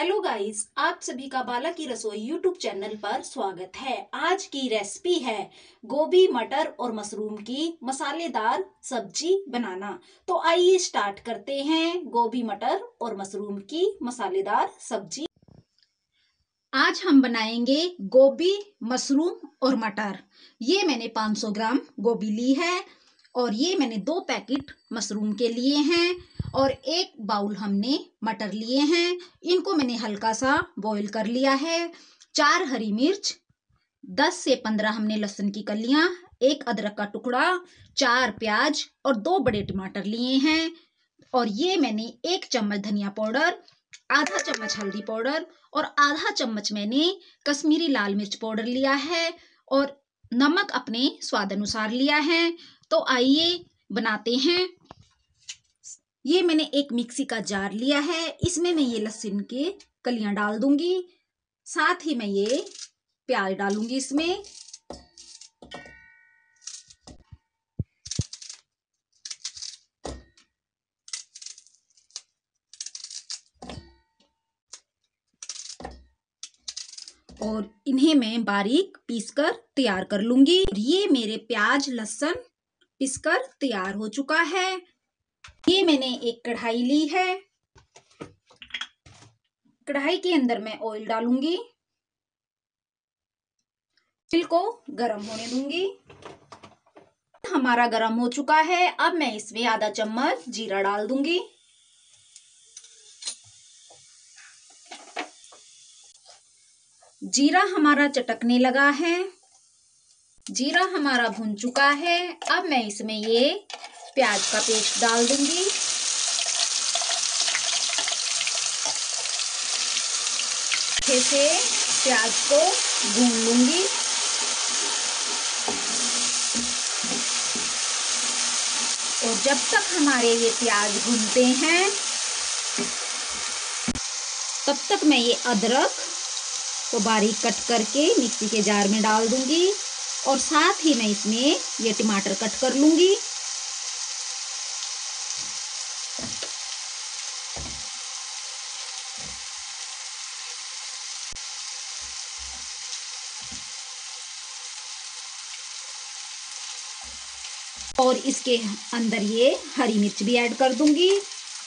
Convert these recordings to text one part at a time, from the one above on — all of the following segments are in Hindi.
हेलो गाइस आप सभी का बाला की रसोई यूट्यूब चैनल पर स्वागत है आज की रेसिपी है गोभी मटर और मशरूम की मसालेदार सब्जी बनाना तो आइए स्टार्ट करते हैं गोभी मटर और मशरूम की मसालेदार सब्जी आज हम बनाएंगे गोभी मशरूम और मटर ये मैंने 500 ग्राम गोभी ली है और ये मैंने दो पैकेट मशरूम के लिए हैं और एक बाउल हमने मटर लिए हैं इनको मैंने हल्का सा बॉईल कर लिया है चार हरी मिर्च दस से पंद्रह हमने लहसुन की कलियां एक अदरक का टुकड़ा चार प्याज और दो बड़े टमाटर लिए हैं और ये मैंने एक चम्मच धनिया पाउडर आधा चम्मच हल्दी पाउडर और आधा चम्मच मैंने कश्मीरी लाल मिर्च पाउडर लिया है और नमक अपने स्वाद अनुसार लिया है तो आइए बनाते हैं ये मैंने एक मिक्सी का जार लिया है इसमें मैं ये लहसुन के कलियां डाल दूंगी साथ ही मैं ये प्याज डालूंगी इसमें और इन्हें मैं बारीक पीसकर तैयार कर लूंगी ये मेरे प्याज लहसुन पीसकर तैयार हो चुका है ये मैंने एक कढ़ाई ली है कढ़ाई के अंदर मैं ऑयल डालूंगी तिल को गरम होने दूंगी हमारा गरम हो चुका है अब मैं इसमें आधा चम्मच जीरा डाल दूंगी जीरा हमारा चटकने लगा है जीरा हमारा भुन चुका है अब मैं इसमें ये प्याज का पेस्ट डाल दूंगी अच्छे से प्याज को भून लूंगी और जब तक हमारे ये प्याज भूनते हैं तब तक मैं ये अदरक को बारीक कट करके मिक्सी के जार में डाल दूंगी और साथ ही मैं इसमें ये टमाटर कट कर लूंगी और इसके अंदर ये हरी मिर्च भी ऐड कर दूंगी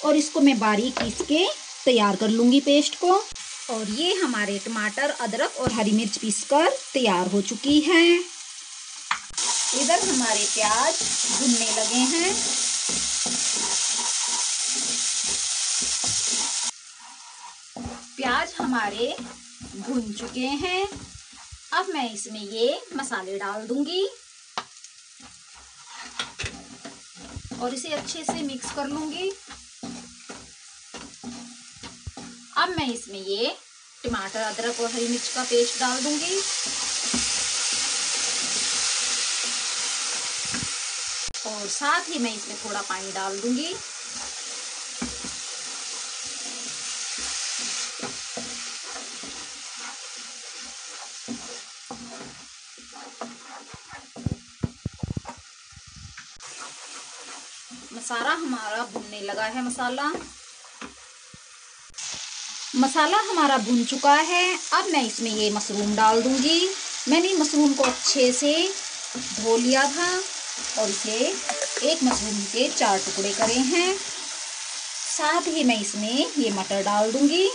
और इसको मैं बारीक पीस के तैयार कर लूँगी पेस्ट को और ये हमारे टमाटर अदरक और हरी मिर्च पीस कर तैयार हो चुकी है इधर हमारे प्याज भुनने लगे हैं प्याज हमारे भुन चुके हैं अब मैं इसमें ये मसाले डाल दूंगी और इसे अच्छे से मिक्स कर लूंगी अब मैं इसमें ये टमाटर अदरक और हरी मिर्च का पेस्ट डाल दूंगी और साथ ही मैं इसमें थोड़ा पानी डाल दूंगी सारा हमारा भुनने लगा है मसाला मसाला हमारा भुन चुका है अब मैं इसमें ये मशरूम डाल दूंगी मैंने मशरूम को अच्छे से धो लिया था और इसे एक मशरूम के चार टुकड़े करे हैं साथ ही मैं इसमें ये मटर डाल दूंगी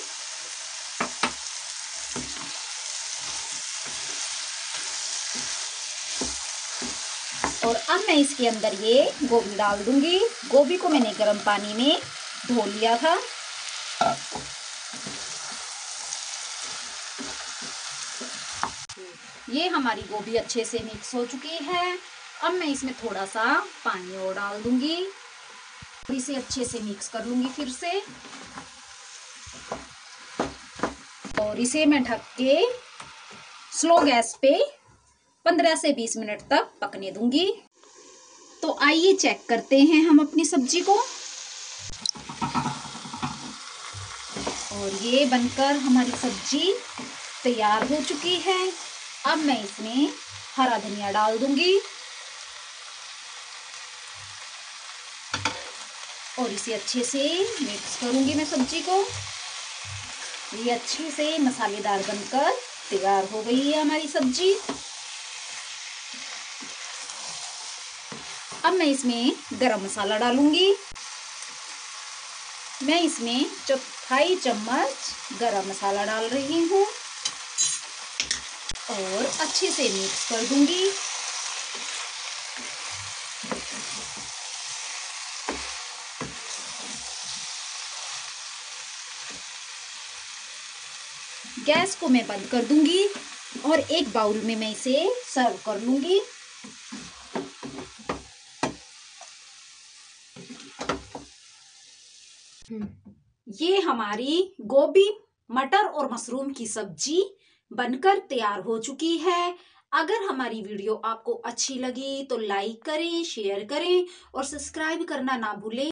और अब मैं इसके अंदर ये गोभी डाल दूंगी गोभी को मैंने गर्म पानी में धो लिया था ये हमारी गोभी अच्छे से मिक्स हो चुकी है अब मैं इसमें थोड़ा सा पानी और डाल दूंगी इसे अच्छे से मिक्स कर लूंगी फिर से और इसे मैं ढक के स्लो गैस पे पंद्रह से बीस मिनट तक पकने दूंगी तो आइए चेक करते हैं हम अपनी सब्जी को और ये बनकर हमारी सब्जी तैयार हो चुकी है अब मैं इसमें हरा धनिया डाल दूंगी और इसे अच्छे से मिक्स करूंगी मैं सब्जी को ये अच्छे से मसालेदार बनकर तैयार हो गई है हमारी सब्जी अब मैं इसमें गरम मसाला डालूंगी मैं इसमें चौथाई चम्मच गरम मसाला डाल रही हूँ और अच्छे से मिक्स कर दूंगी गैस को मैं बंद कर दूंगी और एक बाउल में मैं इसे सर्व कर लूंगी ये हमारी गोभी मटर और मशरूम की सब्जी बनकर तैयार हो चुकी है अगर हमारी वीडियो आपको अच्छी लगी तो लाइक करें शेयर करें और सब्सक्राइब करना ना भूलें